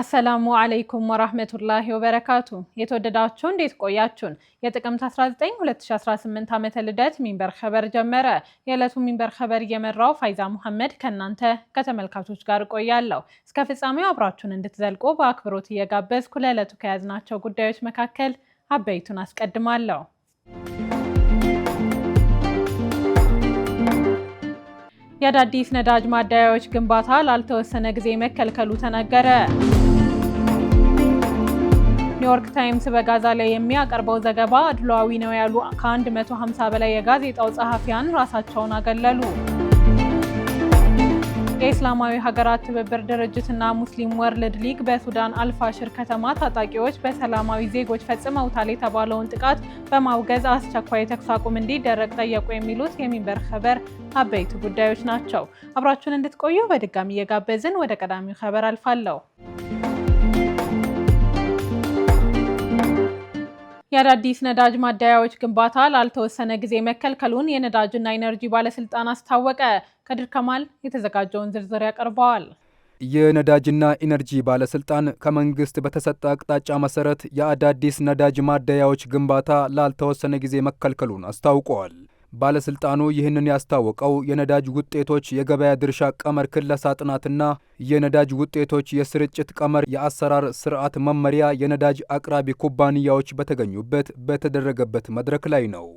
አሰላሙ አለይኩም ወራህመቱላሂ ወበረካቱ። የተወደዳችሁ እንዴት ቆያችሁን? የጥቅምት 19 2018 ዓመተ ልደት ሚንበር ኸበር ጀመረ። የዕለቱ ሚንበር ኸበር እየመራው ፋይዛ ሙሐመድ ከእናንተ ከተመልካቾች ጋር እቆያለሁ። እስከ ፍጻሜው አብራችሁን እንድትዘልቁ በአክብሮት እየጋበዝኩ ለዕለቱ ከያዝናቸው ጉዳዮች መካከል አበይቱን አስቀድማለሁ። የአዳዲስ ነዳጅ ማደያዎች ግንባታ ላልተወሰነ ጊዜ መከልከሉ ተነገረ። ኒውዮርክ ታይምስ በጋዛ ላይ የሚያቀርበው ዘገባ አድሏዊ ነው ያሉ ከ150 በላይ የጋዜጣው ጸሐፊያን ራሳቸውን አገለሉ። የእስላማዊ ሀገራት ትብብር ድርጅትና ሙስሊም ወርልድ ሊግ በሱዳን አልፋሽር ከተማ ታጣቂዎች በሰላማዊ ዜጎች ፈጽመውታል የተባለውን ጥቃት በማውገዝ አስቸኳይ የተኩስ አቁም እንዲደረግ ጠየቁ። የሚሉት የሚንበር ኸበር አበይት ጉዳዮች ናቸው። አብራችሁን እንድትቆዩ በድጋሚ እየጋበዝን ወደ ቀዳሚው ኸበር አልፋለሁ። የአዳዲስ ነዳጅ ማደያዎች ግንባታ ላልተወሰነ ጊዜ መከልከሉን የነዳጅና ኢነርጂ ባለስልጣን አስታወቀ። ከድር ከማል የተዘጋጀውን ዝርዝር ያቀርበዋል። የነዳጅና ኢነርጂ ባለስልጣን ከመንግስት በተሰጠ አቅጣጫ መሰረት የአዳዲስ ነዳጅ ማደያዎች ግንባታ ላልተወሰነ ጊዜ መከልከሉን አስታውቀዋል። ባለስልጣኑ ይህንን ያስታወቀው የነዳጅ ውጤቶች የገበያ ድርሻ ቀመር ክለሳ ጥናትና የነዳጅ ውጤቶች የስርጭት ቀመር የአሰራር ስርዓት መመሪያ የነዳጅ አቅራቢ ኩባንያዎች በተገኙበት በተደረገበት መድረክ ላይ ነው።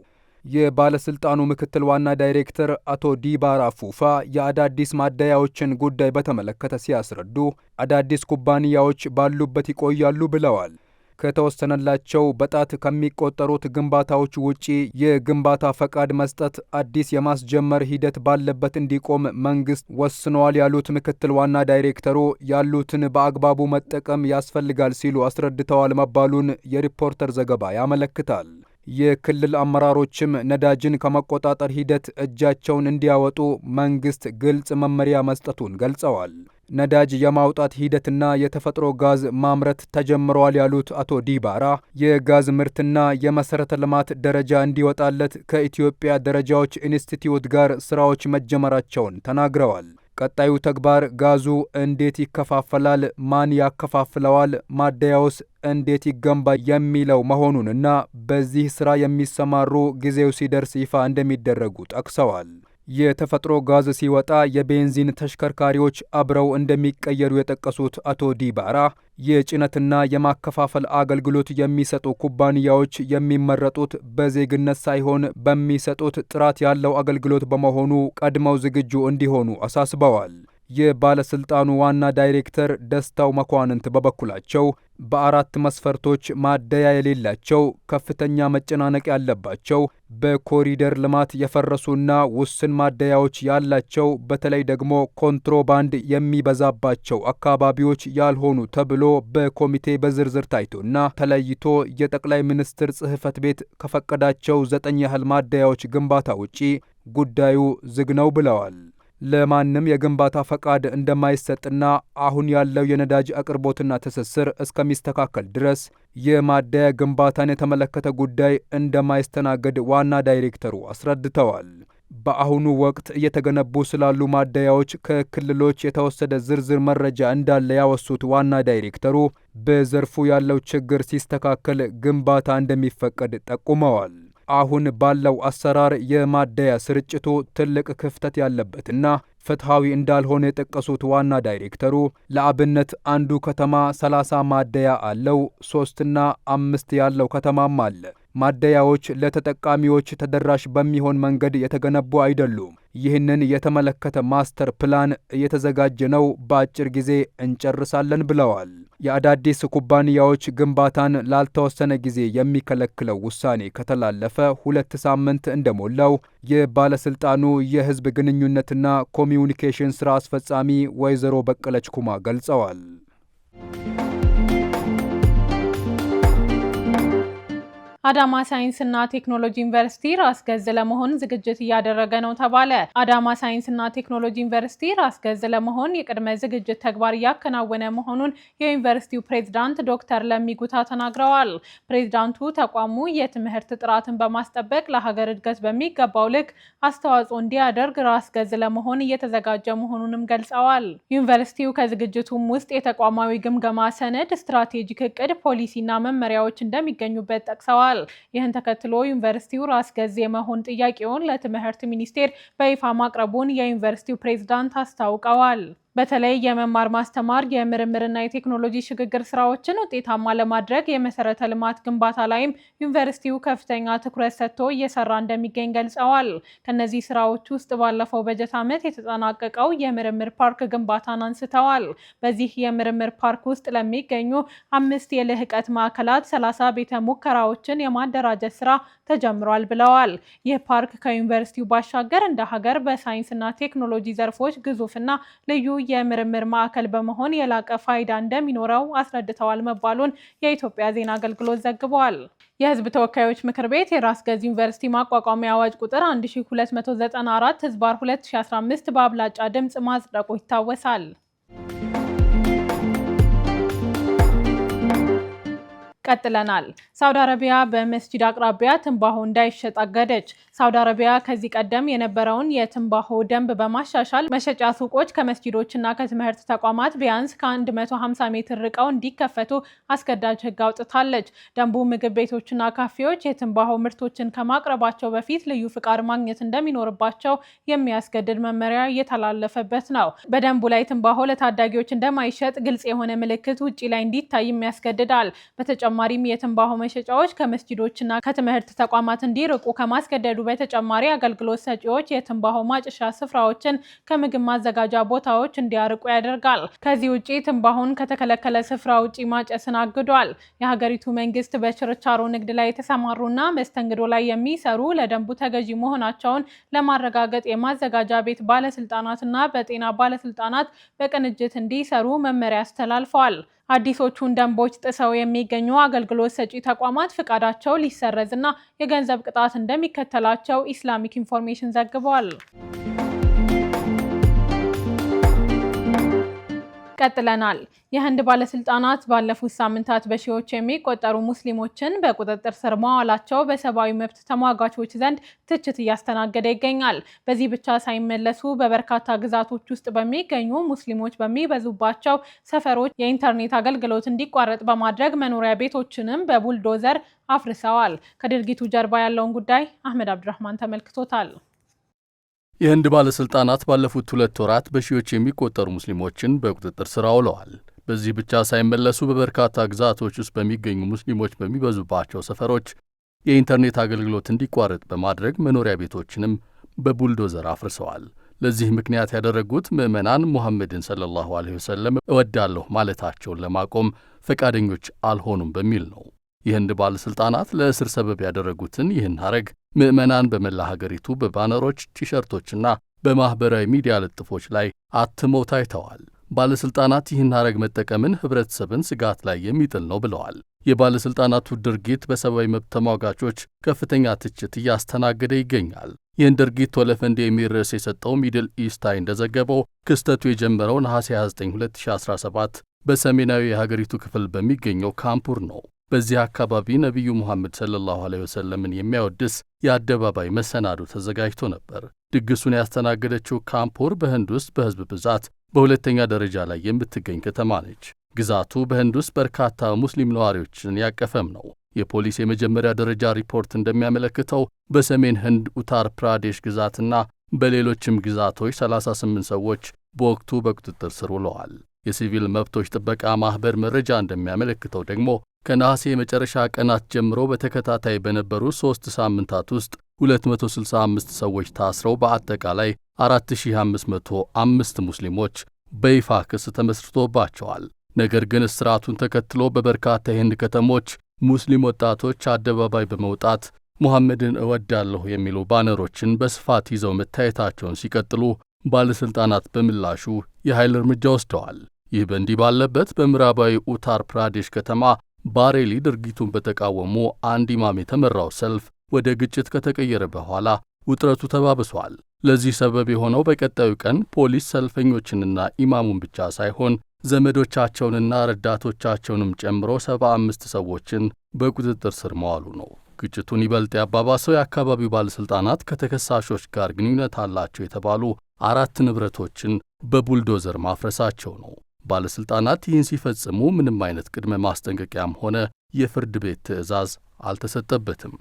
የባለስልጣኑ ምክትል ዋና ዳይሬክተር አቶ ዲባራ ፉፋ የአዳዲስ ማደያዎችን ጉዳይ በተመለከተ ሲያስረዱ አዳዲስ ኩባንያዎች ባሉበት ይቆያሉ ብለዋል። ከተወሰነላቸው በጣት ከሚቆጠሩት ግንባታዎች ውጪ የግንባታ ፈቃድ መስጠት አዲስ የማስጀመር ሂደት ባለበት እንዲቆም መንግስት ወስነዋል ያሉት ምክትል ዋና ዳይሬክተሩ ያሉትን በአግባቡ መጠቀም ያስፈልጋል ሲሉ አስረድተዋል መባሉን የሪፖርተር ዘገባ ያመለክታል። የክልል አመራሮችም ነዳጅን ከመቆጣጠር ሂደት እጃቸውን እንዲያወጡ መንግስት ግልጽ መመሪያ መስጠቱን ገልጸዋል። ነዳጅ የማውጣት ሂደትና የተፈጥሮ ጋዝ ማምረት ተጀምረዋል ያሉት አቶ ዲባራ የጋዝ ምርትና የመሰረተ ልማት ደረጃ እንዲወጣለት ከኢትዮጵያ ደረጃዎች ኢንስቲትዩት ጋር ስራዎች መጀመራቸውን ተናግረዋል። ቀጣዩ ተግባር ጋዙ እንዴት ይከፋፈላል፣ ማን ያከፋፍለዋል፣ ማደያውስ እንዴት ይገንባ የሚለው መሆኑንና በዚህ ስራ የሚሰማሩ ጊዜው ሲደርስ ይፋ እንደሚደረጉ ጠቅሰዋል። የተፈጥሮ ጋዝ ሲወጣ የቤንዚን ተሽከርካሪዎች አብረው እንደሚቀየሩ የጠቀሱት አቶ ዲባራ የጭነትና የማከፋፈል አገልግሎት የሚሰጡ ኩባንያዎች የሚመረጡት በዜግነት ሳይሆን በሚሰጡት ጥራት ያለው አገልግሎት በመሆኑ ቀድመው ዝግጁ እንዲሆኑ አሳስበዋል። የባለስልጣኑ ዋና ዳይሬክተር ደስታው መኳንንት በበኩላቸው በአራት መስፈርቶች ማደያ የሌላቸው ከፍተኛ መጨናነቅ ያለባቸው በኮሪደር ልማት የፈረሱና ውስን ማደያዎች ያላቸው በተለይ ደግሞ ኮንትሮባንድ የሚበዛባቸው አካባቢዎች ያልሆኑ ተብሎ በኮሚቴ በዝርዝር ታይቶና ተለይቶ የጠቅላይ ሚኒስትር ጽህፈት ቤት ከፈቀዳቸው ዘጠኝ ያህል ማደያዎች ግንባታ ውጪ ጉዳዩ ዝግ ነው ብለዋል። ለማንም የግንባታ ፈቃድ እንደማይሰጥና አሁን ያለው የነዳጅ አቅርቦትና ትስስር እስከሚስተካከል ድረስ የማደያ ግንባታን የተመለከተ ጉዳይ እንደማይስተናገድ ዋና ዳይሬክተሩ አስረድተዋል። በአሁኑ ወቅት እየተገነቡ ስላሉ ማደያዎች ከክልሎች የተወሰደ ዝርዝር መረጃ እንዳለ ያወሱት ዋና ዳይሬክተሩ በዘርፉ ያለው ችግር ሲስተካከል ግንባታ እንደሚፈቀድ ጠቁመዋል። አሁን ባለው አሰራር የማደያ ስርጭቱ ትልቅ ክፍተት ያለበትና ፍትሐዊ እንዳልሆነ የጠቀሱት ዋና ዳይሬክተሩ ለአብነት አንዱ ከተማ 30 ማደያ አለው፣ ሶስትና አምስት ያለው ከተማም አለ። ማደያዎች ለተጠቃሚዎች ተደራሽ በሚሆን መንገድ የተገነቡ አይደሉም። ይህንን የተመለከተ ማስተር ፕላን እየተዘጋጀ ነው፣ በአጭር ጊዜ እንጨርሳለን ብለዋል። የአዳዲስ ኩባንያዎች ግንባታን ላልተወሰነ ጊዜ የሚከለክለው ውሳኔ ከተላለፈ ሁለት ሳምንት እንደሞላው የባለስልጣኑ የህዝብ ግንኙነትና ኮሚዩኒኬሽን ስራ አስፈጻሚ ወይዘሮ በቀለች ኩማ ገልጸዋል። አዳማ ሳይንስና ቴክኖሎጂ ዩኒቨርሲቲ ራስ ገዝ ለመሆን ዝግጅት እያደረገ ነው ተባለ። አዳማ ሳይንስና ቴክኖሎጂ ዩኒቨርሲቲ ራስ ገዝ ለመሆን የቅድመ ዝግጅት ተግባር እያከናወነ መሆኑን የዩኒቨርሲቲው ፕሬዝዳንት ዶክተር ለሚጉታ ተናግረዋል። ፕሬዝዳንቱ ተቋሙ የትምህርት ጥራትን በማስጠበቅ ለሀገር እድገት በሚገባው ልክ አስተዋጽኦ እንዲያደርግ ራስ ገዝ ለመሆን እየተዘጋጀ መሆኑንም ገልጸዋል። ዩኒቨርሲቲው ከዝግጅቱም ውስጥ የተቋማዊ ግምገማ ሰነድ፣ ስትራቴጂክ እቅድ፣ ፖሊሲና መመሪያዎች እንደሚገኙበት ጠቅሰዋል። ገልጿል። ይህን ተከትሎ ዩኒቨርሲቲው ራስ ገዝ የመሆን ጥያቄውን ለትምህርት ሚኒስቴር በይፋ ማቅረቡን የዩኒቨርሲቲው ፕሬዝዳንት አስታውቀዋል። በተለይ የመማር ማስተማር የምርምርና የቴክኖሎጂ ሽግግር ስራዎችን ውጤታማ ለማድረግ የመሰረተ ልማት ግንባታ ላይም ዩኒቨርሲቲው ከፍተኛ ትኩረት ሰጥቶ እየሰራ እንደሚገኝ ገልጸዋል። ከነዚህ ስራዎች ውስጥ ባለፈው በጀት ዓመት የተጠናቀቀው የምርምር ፓርክ ግንባታን አንስተዋል። በዚህ የምርምር ፓርክ ውስጥ ለሚገኙ አምስት የልህቀት ማዕከላት ሰላሳ ቤተ ሙከራዎችን የማደራጀት ስራ ተጀምሯል ብለዋል። ይህ ፓርክ ከዩኒቨርሲቲው ባሻገር እንደ ሀገር በሳይንስና ቴክኖሎጂ ዘርፎች ግዙፍና ልዩ የምርምር ማዕከል በመሆን የላቀ ፋይዳ እንደሚኖረው አስረድተዋል መባሉን የኢትዮጵያ ዜና አገልግሎት ዘግበዋል። የህዝብ ተወካዮች ምክር ቤት የራስ ገዝ ዩኒቨርሲቲ ማቋቋሚያ አዋጅ ቁጥር 1294 ህዝባር 2015 በአብላጫ ድምፅ ማጽደቁ ይታወሳል። ቀጥለናል። ሳውዲ አረቢያ በመስጂድ አቅራቢያ ትንባሆ እንዳይሸጥ አገደች። ሳውዲ አረቢያ ከዚህ ቀደም የነበረውን የትንባሆ ደንብ በማሻሻል መሸጫ ሱቆች ከመስጂዶችና ከትምህርት ተቋማት ቢያንስ ከ150 ሜትር ርቀው እንዲከፈቱ አስገዳጅ ሕግ አውጥታለች። ደንቡ ምግብ ቤቶችና ካፌዎች የትንባሆ ምርቶችን ከማቅረባቸው በፊት ልዩ ፍቃድ ማግኘት እንደሚኖርባቸው የሚያስገድድ መመሪያ እየተላለፈበት ነው። በደንቡ ላይ ትንባሆ ለታዳጊዎች እንደማይሸጥ ግልጽ የሆነ ምልክት ውጪ ላይ እንዲታይ የሚያስገድዳል። በተጨማሪም የትንባሆ መሸጫዎች ከመስጂዶችና ከትምህርት ተቋማት እንዲርቁ ከማስገደዱ በተጨማሪ አገልግሎት ሰጪዎች የትንባሆ ማጨሻ ስፍራዎችን ከምግብ ማዘጋጃ ቦታዎች እንዲያርቁ ያደርጋል። ከዚህ ውጭ ትንባሆን ከተከለከለ ስፍራ ውጪ ማጨስን አግዷል። የሀገሪቱ መንግስት በችርቻሮ ንግድ ላይ የተሰማሩና መስተንግዶ ላይ የሚሰሩ ለደንቡ ተገዢ መሆናቸውን ለማረጋገጥ የማዘጋጃ ቤት ባለስልጣናትና በጤና ባለስልጣናት በቅንጅት እንዲሰሩ መመሪያ አስተላልፈዋል። አዲሶቹን ደንቦች ጥሰው የሚገኙ አገልግሎት ሰጪ ተቋማት ፍቃዳቸው ሊሰረዝ እና የገንዘብ ቅጣት እንደሚከተላቸው ኢስላሚክ ኢንፎርሜሽን ዘግቧል። ቀጥለናል። የህንድ ባለስልጣናት ባለፉት ሳምንታት በሺዎች የሚቆጠሩ ሙስሊሞችን በቁጥጥር ስር መዋላቸው በሰብአዊ መብት ተሟጋቾች ዘንድ ትችት እያስተናገደ ይገኛል። በዚህ ብቻ ሳይመለሱ በበርካታ ግዛቶች ውስጥ በሚገኙ ሙስሊሞች በሚበዙባቸው ሰፈሮች የኢንተርኔት አገልግሎት እንዲቋረጥ በማድረግ መኖሪያ ቤቶችንም በቡልዶዘር አፍርሰዋል። ከድርጊቱ ጀርባ ያለውን ጉዳይ አህመድ አብዱራህማን ተመልክቶታል። የህንድ ባለሥልጣናት ባለፉት ሁለት ወራት በሺዎች የሚቆጠሩ ሙስሊሞችን በቁጥጥር ሥር አውለዋል። በዚህ ብቻ ሳይመለሱ በበርካታ ግዛቶች ውስጥ በሚገኙ ሙስሊሞች በሚበዙባቸው ሰፈሮች የኢንተርኔት አገልግሎት እንዲቋረጥ በማድረግ መኖሪያ ቤቶችንም በቡልዶዘር አፍርሰዋል። ለዚህ ምክንያት ያደረጉት ምዕመናን ሙሐመድን ሰለላሁ ዐለይሂ ወሰለም እወዳለሁ ማለታቸውን ለማቆም ፈቃደኞች አልሆኑም በሚል ነው። የህንድ ባለሥልጣናት ለእስር ሰበብ ያደረጉትን ይህን ሐረግ ምዕመናን በመላ ሀገሪቱ በባነሮች፣ ቲሸርቶችና በማኅበራዊ ሚዲያ ልጥፎች ላይ አትመው ታይተዋል። ባለሥልጣናት ይህን ሐረግ መጠቀምን ኅብረተሰብን ስጋት ላይ የሚጥል ነው ብለዋል። የባለሥልጣናቱ ድርጊት በሰብአዊ መብት ተሟጋቾች ከፍተኛ ትችት እያስተናገደ ይገኛል። ይህን ድርጊት ወለፈንድ የሚል ርዕስ የሰጠው ሚድል ኢስታይ እንደዘገበው ክስተቱ የጀመረው ነሐሴ 29 2017 በሰሜናዊ የሀገሪቱ ክፍል በሚገኘው ካምፑር ነው። በዚህ አካባቢ ነቢዩ ሙሐመድ ሰለላሁ ዐለይሂ ወሰለምን የሚያወድስ የአደባባይ መሰናዶ ተዘጋጅቶ ነበር። ድግሱን ያስተናገደችው ካምፖር በህንድ ውስጥ በሕዝብ ብዛት በሁለተኛ ደረጃ ላይ የምትገኝ ከተማ ነች። ግዛቱ በህንድ ውስጥ በርካታ ሙስሊም ነዋሪዎችን ያቀፈም ነው። የፖሊስ የመጀመሪያ ደረጃ ሪፖርት እንደሚያመለክተው በሰሜን ህንድ ኡታር ፕራዴሽ ግዛትና በሌሎችም ግዛቶች 38 ሰዎች በወቅቱ በቁጥጥር ስር ውለዋል። የሲቪል መብቶች ጥበቃ ማኅበር መረጃ እንደሚያመለክተው ደግሞ ከነሐሴ የመጨረሻ ቀናት ጀምሮ በተከታታይ በነበሩ ሦስት ሳምንታት ውስጥ 265 ሰዎች ታስረው በአጠቃላይ 4505 ሙስሊሞች በይፋ ክስ ተመስርቶባቸዋል። ነገር ግን እስራቱን ተከትሎ በበርካታ የህንድ ከተሞች ሙስሊም ወጣቶች አደባባይ በመውጣት ሙሐመድን እወዳለሁ የሚሉ ባነሮችን በስፋት ይዘው መታየታቸውን ሲቀጥሉ ባለሥልጣናት በምላሹ የኃይል እርምጃ ወስደዋል። ይህ በእንዲህ ባለበት በምዕራባዊ ኡታር ፕራዴሽ ከተማ ባሬሊ ድርጊቱን በተቃወሙ አንድ ኢማም የተመራው ሰልፍ ወደ ግጭት ከተቀየረ በኋላ ውጥረቱ ተባብሷል። ለዚህ ሰበብ የሆነው በቀጣዩ ቀን ፖሊስ ሰልፈኞችንና ኢማሙን ብቻ ሳይሆን ዘመዶቻቸውንና ረዳቶቻቸውንም ጨምሮ ሰባ አምስት ሰዎችን በቁጥጥር ስር መዋሉ ነው። ግጭቱን ይበልጥ ያባባሰው የአካባቢው ባለሥልጣናት ከተከሳሾች ጋር ግንኙነት አላቸው የተባሉ አራት ንብረቶችን በቡልዶዘር ማፍረሳቸው ነው። ባለሥልጣናት ይህን ሲፈጽሙ ምንም አይነት ቅድመ ማስጠንቀቂያም ሆነ የፍርድ ቤት ትዕዛዝ አልተሰጠበትም።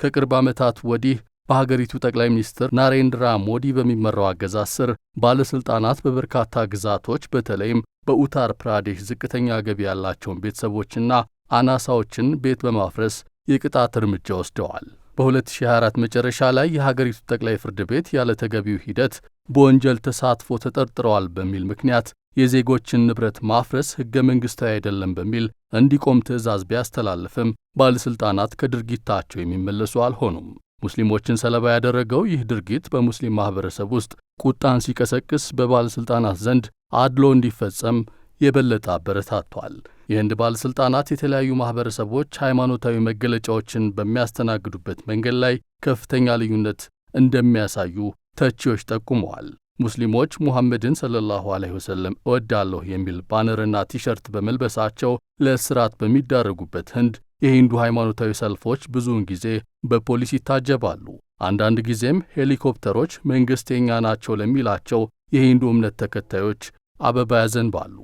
ከቅርብ ዓመታት ወዲህ በሀገሪቱ ጠቅላይ ሚኒስትር ናሬንድራ ሞዲ በሚመራው አገዛዝ ስር ባለሥልጣናት በበርካታ ግዛቶች በተለይም በኡታር ፕራዴሽ ዝቅተኛ ገቢ ያላቸውን ቤተሰቦችና አናሳዎችን ቤት በማፍረስ የቅጣት እርምጃ ወስደዋል። በ2024 መጨረሻ ላይ የሀገሪቱ ጠቅላይ ፍርድ ቤት ያለ ተገቢው ሂደት በወንጀል ተሳትፎ ተጠርጥረዋል በሚል ምክንያት የዜጎችን ንብረት ማፍረስ ሕገ መንግሥታዊ አይደለም በሚል እንዲቆም ትዕዛዝ ቢያስተላልፍም ባለሥልጣናት ከድርጊታቸው የሚመለሱ አልሆኑም። ሙስሊሞችን ሰለባ ያደረገው ይህ ድርጊት በሙስሊም ማኅበረሰብ ውስጥ ቁጣን ሲቀሰቅስ፣ በባለሥልጣናት ዘንድ አድሎ እንዲፈጸም የበለጠ አበረታቷል። የህንድ ባለሥልጣናት የተለያዩ ማኅበረሰቦች ሃይማኖታዊ መገለጫዎችን በሚያስተናግዱበት መንገድ ላይ ከፍተኛ ልዩነት እንደሚያሳዩ ተቺዎች ጠቁመዋል። ሙስሊሞች ሙሐመድን ሰለላሁ ዐለይሂ ወሰለም እወዳለሁ የሚል ባነርና ቲሸርት በመልበሳቸው ለእስራት በሚዳረጉበት ህንድ የሂንዱ ሃይማኖታዊ ሰልፎች ብዙውን ጊዜ በፖሊስ ይታጀባሉ። አንዳንድ ጊዜም ሄሊኮፕተሮች መንግሥት የኛ ናቸው ለሚላቸው የሂንዱ እምነት ተከታዮች አበባ ያዘንባሉ።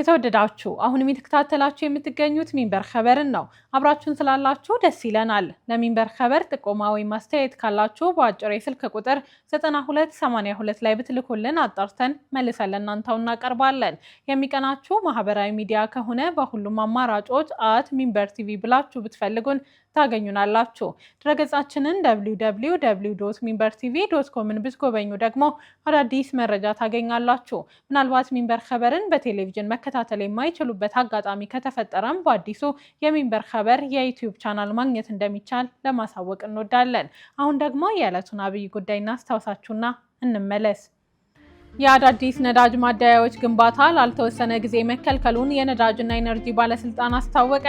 የተወደዳችሁ አሁን የሚተከታተላችሁ የምትገኙት ሚንበር ኸበርን ነው። አብራችሁን ስላላችሁ ደስ ይለናል። ለሚንበር ኸበር ጥቆማ ወይም አስተያየት ካላችሁ በአጭር የስልክ ቁጥር 9282 ላይ ብትልኩልን አጣርተን መልሰን ለእናንተው እናቀርባለን። የሚቀናችሁ ማህበራዊ ሚዲያ ከሆነ በሁሉም አማራጮች አት ሚንበር ቲቪ ብላችሁ ብትፈልጉን ታገኙናላችሁ። ድረገጻችንን ዶት ሚንበር ቲቪ ዶት ኮምን ብትጎበኙ ደግሞ አዳዲስ መረጃ ታገኛላችሁ። ምናልባት ሚንበር ኸበርን በቴሌቪዥን መከታተል የማይችሉበት አጋጣሚ ከተፈጠረም በአዲሱ የሚንበር ኸበር የዩትዩብ ቻናል ማግኘት እንደሚቻል ለማሳወቅ እንወዳለን። አሁን ደግሞ የዕለቱን አብይ ጉዳይ እናስታውሳችሁና እንመለስ። የአዳዲስ ነዳጅ ማደያዎች ግንባታ ላልተወሰነ ጊዜ መከልከሉን የነዳጅና ኤነርጂ ባለስልጣን አስታወቀ።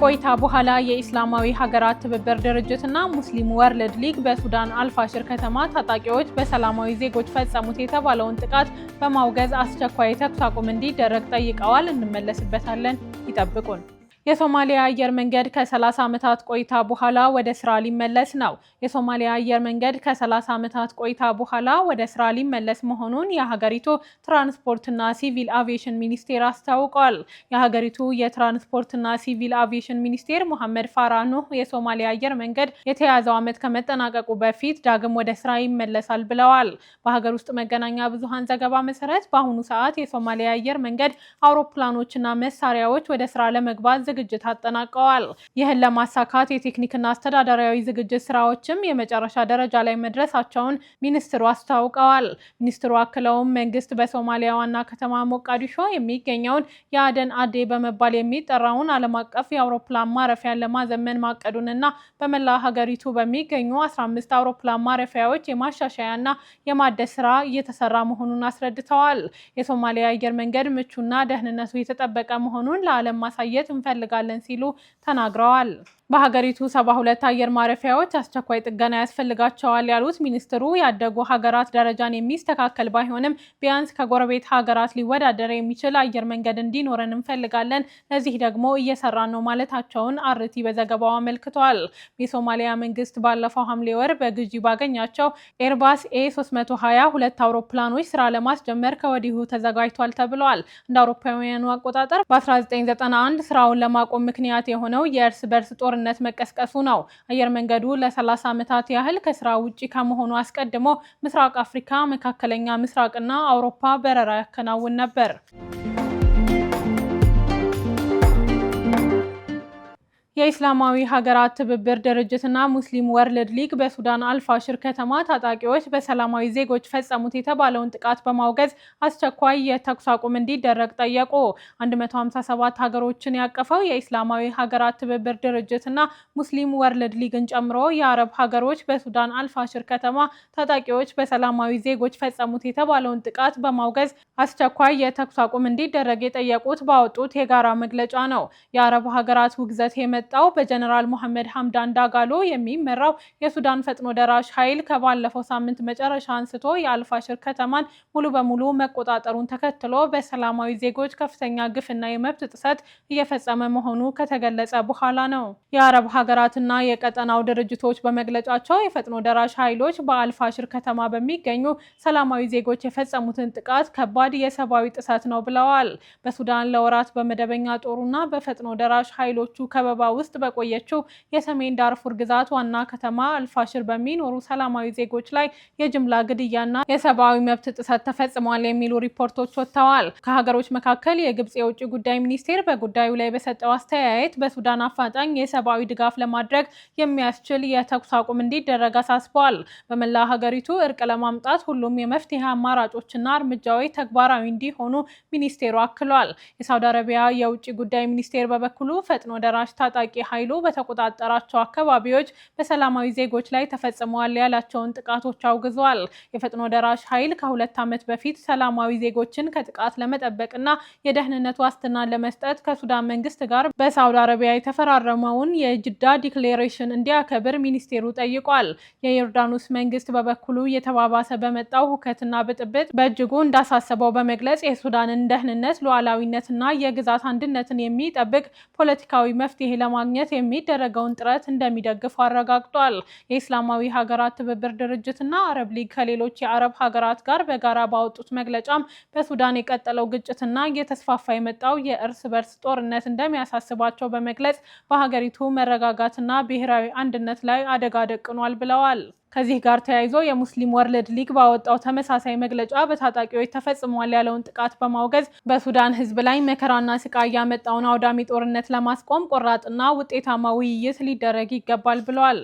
ከቆይታ በኋላ የኢስላማዊ ሀገራት ትብብር ድርጅትና ሙስሊም ወርልድ ሊግ በሱዳን አልፋሽር ከተማ ታጣቂዎች በሰላማዊ ዜጎች ፈጸሙት የተባለውን ጥቃት በማውገዝ አስቸኳይ ተኩስ አቁም እንዲደረግ ጠይቀዋል። እንመለስበታለን። ይጠብቁን። የሶማሊያ አየር መንገድ ከ30 ዓመታት ቆይታ በኋላ ወደ ስራ ሊመለስ ነው። የሶማሊያ አየር መንገድ ከ30 ዓመታት ቆይታ በኋላ ወደ ስራ ሊመለስ መሆኑን የሀገሪቱ ትራንስፖርትና ሲቪል አቪዬሽን ሚኒስቴር አስታውቋል። የሀገሪቱ የትራንስፖርትና ሲቪል አቪዬሽን ሚኒስቴር ሙሐመድ ፋራኑ የሶማሊያ አየር መንገድ የተያዘው ዓመት ከመጠናቀቁ በፊት ዳግም ወደ ስራ ይመለሳል ብለዋል። በሀገር ውስጥ መገናኛ ብዙሃን ዘገባ መሰረት በአሁኑ ሰዓት የሶማሊያ አየር መንገድ አውሮፕላኖችና መሳሪያዎች ወደ ስራ ለመግባት ዝግጅት አጠናቀዋል። ይህን ለማሳካት የቴክኒክና አስተዳደራዊ ዝግጅት ስራዎችም የመጨረሻ ደረጃ ላይ መድረሳቸውን ሚኒስትሩ አስታውቀዋል። ሚኒስትሩ አክለውም መንግስት በሶማሊያ ዋና ከተማ ሞቃዲሾ የሚገኘውን የአደን አዴ በመባል የሚጠራውን ዓለም አቀፍ የአውሮፕላን ማረፊያን ለማዘመን ማቀዱንና በመላ ሀገሪቱ በሚገኙ 15 አውሮፕላን ማረፊያዎች የማሻሻያና የማደስ ስራ እየተሰራ መሆኑን አስረድተዋል። የሶማሊያ አየር መንገድ ምቹና ደህንነቱ የተጠበቀ መሆኑን ለዓለም ማሳየት እንፈልጋል እንፈልጋለን ሲሉ ተናግረዋል። በሀገሪቱ ሰባ ሁለት አየር ማረፊያዎች አስቸኳይ ጥገና ያስፈልጋቸዋል ያሉት ሚኒስትሩ ያደጉ ሀገራት ደረጃን የሚስተካከል ባይሆንም ቢያንስ ከጎረቤት ሀገራት ሊወዳደር የሚችል አየር መንገድ እንዲኖረን እንፈልጋለን፣ ለዚህ ደግሞ እየሰራን ነው ማለታቸውን አርቲ በዘገባው አመልክቷል። የሶማሊያ መንግስት ባለፈው ሐምሌ ወር በግዢ ባገኛቸው ኤርባስ ኤ 320 ሁለት አውሮፕላኖች ስራ ለማስጀመር ከወዲሁ ተዘጋጅቷል ተብሏል። እንደ አውሮፓውያኑ አቆጣጠር በ1991 ስራውን ለማቆም ምክንያት የሆነው የእርስ በርስ ጦር ጦርነት መቀስቀሱ ነው። አየር መንገዱ ለ30 ዓመታት ያህል ከስራ ውጪ ከመሆኑ አስቀድሞ ምስራቅ አፍሪካ፣ መካከለኛ ምስራቅና አውሮፓ በረራ ያከናውን ነበር። የኢስላማዊ ሀገራት ትብብር ድርጅትና ሙስሊም ወርልድ ሊግ በሱዳን አልፋሽር ከተማ ታጣቂዎች በሰላማዊ ዜጎች ፈጸሙት የተባለውን ጥቃት በማውገዝ አስቸኳይ የተኩስ አቁም እንዲደረግ ጠየቁ። 157 ሀገሮችን ያቀፈው የኢስላማዊ ሀገራት ትብብር ድርጅትና ሙስሊም ወርልድ ሊግን ጨምሮ የአረብ ሀገሮች በሱዳን አልፋሽር ከተማ ታጣቂዎች በሰላማዊ ዜጎች ፈጸሙት የተባለውን ጥቃት በማውገዝ አስቸኳይ የተኩስ አቁም እንዲደረግ የጠየቁት ባወጡት የጋራ መግለጫ ነው። የአረብ ሀገራት ውግዘት የመጣ መግለጫው በጀነራል መሐመድ ሐምዳን ዳጋሎ የሚመራው የሱዳን ፈጥኖ ደራሽ ኃይል ከባለፈው ሳምንት መጨረሻ አንስቶ የአልፋሽር ከተማን ሙሉ በሙሉ መቆጣጠሩን ተከትሎ በሰላማዊ ዜጎች ከፍተኛ ግፍና የመብት ጥሰት እየፈጸመ መሆኑ ከተገለጸ በኋላ ነው። የአረብ ሀገራትና የቀጠናው ድርጅቶች በመግለጫቸው የፈጥኖ ደራሽ ኃይሎች በአልፋሽር ከተማ በሚገኙ ሰላማዊ ዜጎች የፈጸሙትን ጥቃት ከባድ የሰብአዊ ጥሰት ነው ብለዋል። በሱዳን ለወራት በመደበኛ ጦሩና በፈጥኖ ደራሽ ኃይሎቹ ከበባ ውስጥ ውስጥ በቆየችው የሰሜን ዳርፉር ግዛት ዋና ከተማ አልፋሽር በሚኖሩ ሰላማዊ ዜጎች ላይ የጅምላ ግድያና የሰብአዊ መብት ጥሰት ተፈጽሟል የሚሉ ሪፖርቶች ወጥተዋል። ከሀገሮች መካከል የግብጽ የውጭ ጉዳይ ሚኒስቴር በጉዳዩ ላይ በሰጠው አስተያየት በሱዳን አፋጣኝ የሰብአዊ ድጋፍ ለማድረግ የሚያስችል የተኩስ አቁም እንዲደረግ አሳስበዋል። በመላ ሀገሪቱ እርቅ ለማምጣት ሁሉም የመፍትሄ አማራጮችና እርምጃዎች ተግባራዊ እንዲሆኑ ሚኒስቴሩ አክሏል። የሳውዲ አረቢያ የውጭ ጉዳይ ሚኒስቴር በበኩሉ ፈጥኖ ደራሽ ታጣቂ ኃይሉ በተቆጣጠራቸው አካባቢዎች በሰላማዊ ዜጎች ላይ ተፈጽመዋል ያላቸውን ጥቃቶች አውግዘዋል። የፈጥኖ ደራሽ ኃይል ከሁለት ዓመት በፊት ሰላማዊ ዜጎችን ከጥቃት ለመጠበቅና የደህንነት ዋስትናን ለመስጠት ከሱዳን መንግስት ጋር በሳውዲ አረቢያ የተፈራረመውን የጅዳ ዲክሌሬሽን እንዲያከብር ሚኒስቴሩ ጠይቋል። የዮርዳኖስ መንግስት በበኩሉ እየተባባሰ በመጣው ሁከትና ብጥብጥ በእጅጉ እንዳሳሰበው በመግለጽ የሱዳንን ደህንነት ሉዓላዊነትና የግዛት አንድነትን የሚጠብቅ ፖለቲካዊ መፍትሄ ለማ ለማግኘት የሚደረገውን ጥረት እንደሚደግፉ አረጋግጧል። የኢስላማዊ ሀገራት ትብብር ድርጅትና አረብ ሊግ ከሌሎች የአረብ ሀገራት ጋር በጋራ ባወጡት መግለጫም በሱዳን የቀጠለው ግጭትና እየተስፋፋ የመጣው የእርስ በርስ ጦርነት እንደሚያሳስባቸው በመግለጽ በሀገሪቱ መረጋጋትና ብሔራዊ አንድነት ላይ አደጋ ደቅኗል ብለዋል። ከዚህ ጋር ተያይዞ የሙስሊም ወርልድ ሊግ ባወጣው ተመሳሳይ መግለጫ በታጣቂዎች ተፈጽሟል ያለውን ጥቃት በማውገዝ በሱዳን ሕዝብ ላይ መከራና ስቃይ ያመጣውን አውዳሚ ጦርነት ለማስቆም ቆራጥና ውጤታማ ውይይት ሊደረግ ይገባል ብለዋል።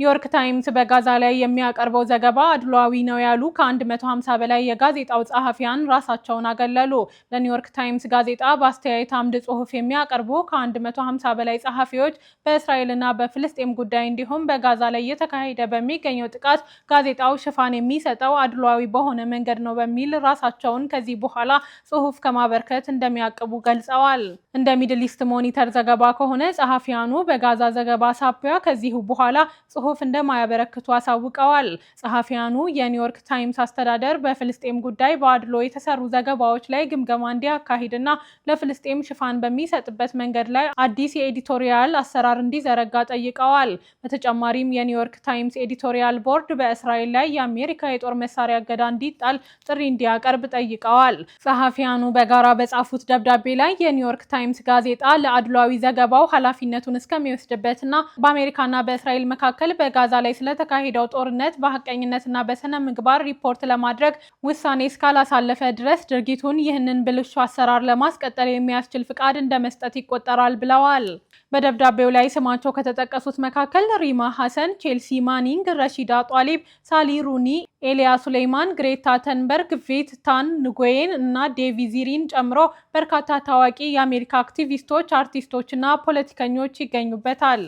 ኒውዮርክ ታይምስ በጋዛ ላይ የሚያቀርበው ዘገባ አድሏዊ ነው ያሉ ከ150 በላይ የጋዜጣው ጸሐፊያን ራሳቸውን አገለሉ። ለኒውዮርክ ታይምስ ጋዜጣ በአስተያየት አምድ ጽሑፍ የሚያቀርቡ ከ150 በላይ ጸሐፊዎች በእስራኤልና በፍልስጤም ጉዳይ እንዲሁም በጋዛ ላይ እየተካሄደ በሚገኘው ጥቃት ጋዜጣው ሽፋን የሚሰጠው አድሏዊ በሆነ መንገድ ነው በሚል ራሳቸውን ከዚህ በኋላ ጽሑፍ ከማበርከት እንደሚያቅቡ ገልጸዋል። እንደ ሚድል ኢስት ሞኒተር ዘገባ ከሆነ ጸሐፊያኑ በጋዛ ዘገባ ሳቢያ ከዚሁ በኋላ ጽሑፍ ጽሑፍ እንደማያበረክቱ አሳውቀዋል። ጸሐፊያኑ የኒውዮርክ ታይምስ አስተዳደር በፍልስጤም ጉዳይ በአድሎ የተሰሩ ዘገባዎች ላይ ግምገማ እንዲያካሂድና ለፍልስጤም ሽፋን በሚሰጥበት መንገድ ላይ አዲስ የኤዲቶሪያል አሰራር እንዲዘረጋ ጠይቀዋል። በተጨማሪም የኒውዮርክ ታይምስ ኤዲቶሪያል ቦርድ በእስራኤል ላይ የአሜሪካ የጦር መሳሪያ እገዳ እንዲጣል ጥሪ እንዲያቀርብ ጠይቀዋል። ጸሐፊያኑ በጋራ በጻፉት ደብዳቤ ላይ የኒውዮርክ ታይምስ ጋዜጣ ለአድሏዊ ዘገባው ኃላፊነቱን እስከሚወስድበትና በአሜሪካና በእስራኤል መካከል በጋዛ ላይ ስለተካሄደው ጦርነት በሀቀኝነትና በስነ ምግባር ሪፖርት ለማድረግ ውሳኔ እስካላሳለፈ ድረስ ድርጊቱን ይህንን ብልሹ አሰራር ለማስቀጠል የሚያስችል ፍቃድ እንደ መስጠት ይቆጠራል ብለዋል። በደብዳቤው ላይ ስማቸው ከተጠቀሱት መካከል ሪማ ሐሰን፣ ቼልሲ ማኒንግ፣ ረሺዳ ጧሊብ፣ ሳሊ ሩኒ፣ ኤልያ ሱሌይማን፣ ግሬታ ተንበርግ፣ ቬት ታን ንጎዬን እና ዴቪ ዚሪን ጨምሮ በርካታ ታዋቂ የአሜሪካ አክቲቪስቶች፣ አርቲስቶች እና ፖለቲከኞች ይገኙበታል።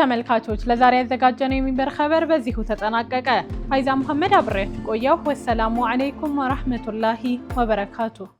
ተመልካቾች ለዛሬ ያዘጋጀነው የሚንበር ኸበር በዚሁ ተጠናቀቀ። አይዛ መሐመድ አብሬያችሁ ቆየሁ። ወሰላሙ አለይኩም ወራህመቱላሂ ወበረካቱ